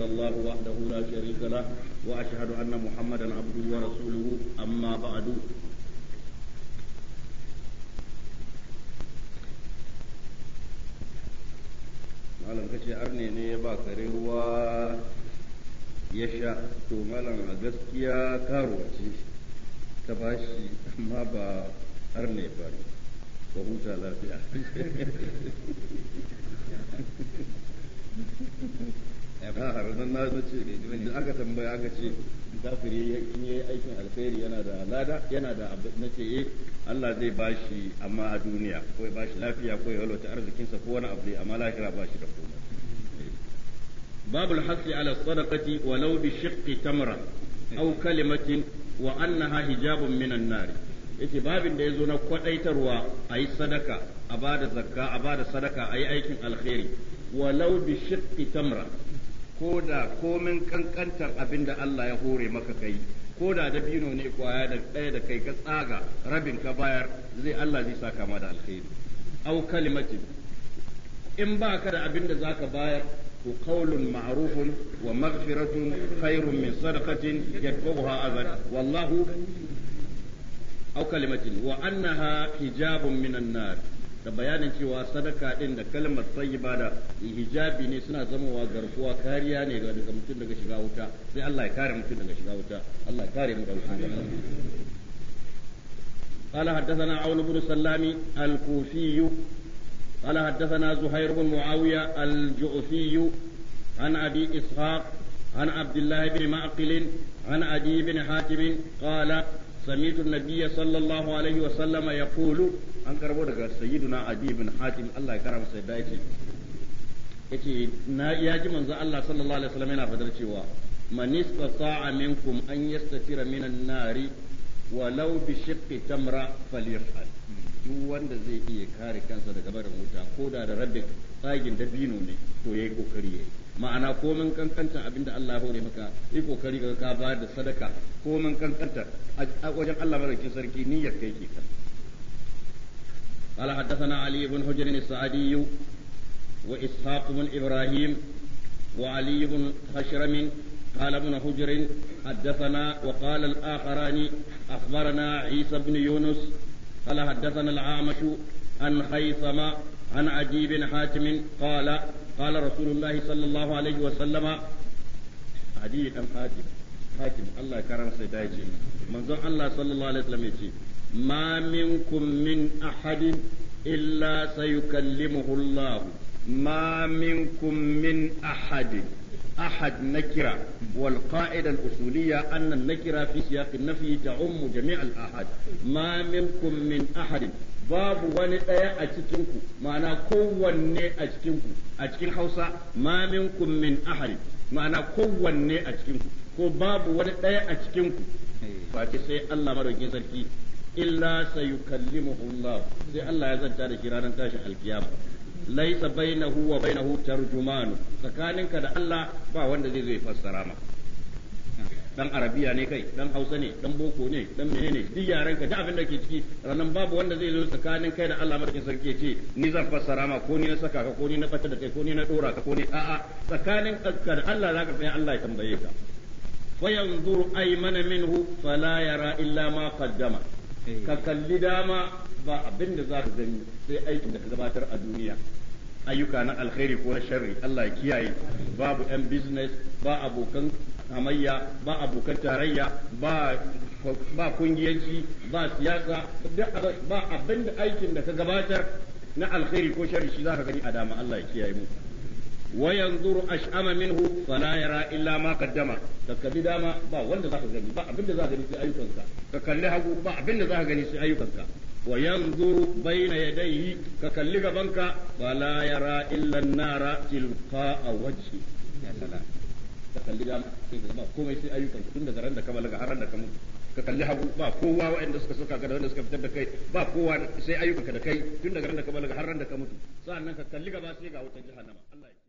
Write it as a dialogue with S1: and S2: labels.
S1: إلا الله وحده لا شريك له وأشهد أن محمدا عبده ورسوله أما بعد malam kace arne ne ya ba kare ruwa ya sha to malam a gaskiya karuwa ce ta ba shi amma ba arne ba ne ba huta lafiya na ce da aka tambaya aka ce kafiri ya yi aikin alkhairi yana da lada yana da abu na ce eh Allah zai bashi amma a duniya ko ya bashi lafiya ko ya walwata arzikinsa ko wani abu ne amma lahira bashi da komai باب الحث walau bi ولو بشق تمرة أو wa وأنها حجاب minan nari yace babin da ya zo na kwadaitarwa a yi sadaka a bada zakka a bada sadaka a yi aikin alkhairi walau bi shiqqi tamra ko da komin kankantar abin da Allah ya hore maka kai ko da dabino ne kwaya da ɗaya da kai ka tsaga rabin ka bayar zai Allah zai saka ma da alkhairi aw kalimatin in ba ka da abin da zaka bayar ko qaulun ma'rufun wa maghfiratun khairun min sadaqatin yatbugha adhan wallahu aw kalimatin wa annaha hijabun minan nar da bayanin cewa sadaka din da kalmar tayyiba da hijabi ne suna zamowa garkuwa kariya ne daga mutum daga shiga wuta sai Allah ya kare mutum daga shiga wuta Allah ya kare mu daga shiga قال حدثنا عون بن سلام الكوفي قال حدثنا زهير بن معاوية الجؤفي عن أبي إسحاق عن عبد الله بن معقل عن أبي بن حاتم قال سمعت النبي صلى الله عليه وسلم يقول an karbo daga sayyiduna adi bin hatim Allah ya karama sai dace yace na ya ji manzo Allah sallallahu alaihi wasallam yana fadar cewa man istata'a minkum an yastatira minan nari walau bi shiqqi tamra falyaf'al duk wanda zai iya kare kansa daga barin wuta ko da da rabbi tsagin dabino ne to yayi kokari yayi ma'ana komin kankantar kankanta abinda Allah ya hore maka yi kokari ga ka ba da sadaka komin kankanta a wajen Allah madaukakin sarki niyyar kai ke ali ibn hujr علي بن wa ishaq ibn ibrahim wa ali ibn hashram قال ابن حجر حدثنا وقال الآخران أخبرنا عيسى بن يونس قال حدثنا العامش عن خيثم عن عجيب حاتم قال قال رسول الله صلى الله عليه وسلم عجيب أم حاتم حاتم الله كرم سيداجي منظور الله صلى الله عليه وسلم يجي ما منكم من أحد إلا سيكلمه الله ما منكم من أحد أحد نكرة والقاعدة الأصولية أن النكرة في سياق النفي تعم جميع الأحد ما منكم من أحد babu wani ɗaya a cikinku ma'ana kowanne a cikinku a cikin hausa ma minkum min ahad ma'ana kowanne a cikinku ko babu wani ɗaya a cikinku ba ce sai Allah madaukin sarki illa kalli Allah sai Allah ya zanta da shi tashin alkiyama laisa bainahu wa bainahu tarjumanu tsakaninka da Allah ba wanda zai zo ya fassara ma dan arabiya ne kai dan hausa ne dan boko ne dan menene duk yaran ka duk abin da ke ciki ranan babu wanda zai zo tsakanin kai da Allah madaukakin sarki ya ce ni zan fassara ma ko ni na saka ka ko ni na fata da kai ko ni na dora ka ko ni a'a tsakanin ka da Allah zaka tsaya Allah ya tambaye ka fa yanzuru aymana minhu fala yara illa ma qaddama Eh. ka kalli dama ba abin da za ka gani sai aikin da ka gabatar a duniya ayyuka na alkhairi ko na sharri Allah ya kiyaye babu yan business ba abokan hamayya ba abokan tarayya ba ba kungiyanci ba siyasa ba abin da aikin da ka gabatar na alkhairi ko sharri shi za ka gani a dama Allah ya kiyaye mu وينظر أشأم منه فلا يرى إلا ما قدم تكبي داما با وند ذاك غني با أبن ذاك غني في أيوكنك تكلي هغو با أبن ذاك غني في أيوكنك وينظر بين يديه ككلي غبنك فلا يرى إلا النار تلقاء وجهه يا سلام تكلي داما ba komai sai ayyukan tun daga ran da ka balaga har ran da ka mutu ka kalli hagu ba kowa waɗanda suka suka ga wanda suka fitar da kai ba kowa sai ayyukanka da kai tun daga ran da ka balaga har ran da ka mutu kalli sai